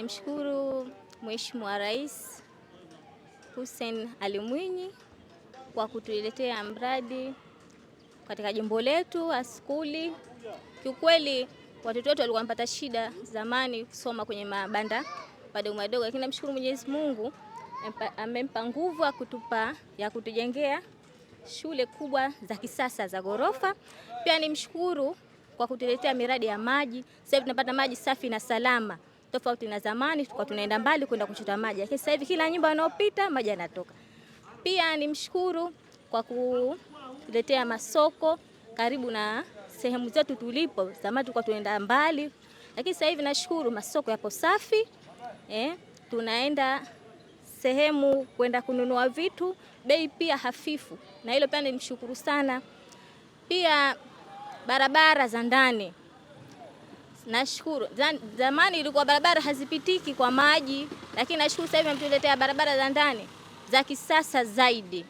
Namshukuru Mheshimiwa Rais Hussein Ali Mwinyi kwa kutuletea mradi katika jimbo letu skuli Kiukweli watoto wetu walikuwa wanapata shida zamani kusoma kwenye mabanda madogo madogo, lakini namshukuru Mwenyezi Mungu amempa nguvu kutupa ya kutujengea shule kubwa za kisasa za ghorofa. Pia nimshukuru kwa kutuletea miradi ya maji, sasa tunapata maji safi na salama tofauti na zamani, tulikuwa tunaenda mbali kwenda kuchota maji, lakini sasa hivi kila nyumba wanaopita maji yanatoka. Pia nimshukuru kwa kuletea masoko karibu na sehemu zetu tulipo. Zamani tulikuwa tunaenda mbali, lakini sasa hivi nashukuru masoko yapo safi eh, tunaenda sehemu kwenda kununua vitu, bei pia hafifu, na hilo pia nimshukuru sana. Pia barabara za ndani Nashukuru zamani ilikuwa barabara hazipitiki kwa maji, lakini nashukuru sasa hivi ametuletea barabara za ndani za kisasa zaidi.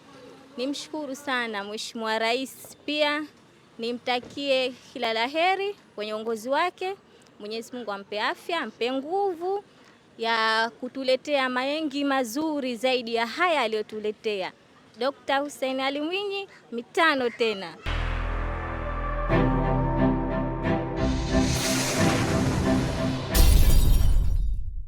Nimshukuru sana Mheshimiwa Rais, pia nimtakie kila la heri kwenye uongozi wake. Mwenyezi Mungu ampe afya, ampe nguvu ya kutuletea maengi mazuri zaidi ya haya aliyotuletea Dr. Hussein Ali Mwinyi, mitano tena.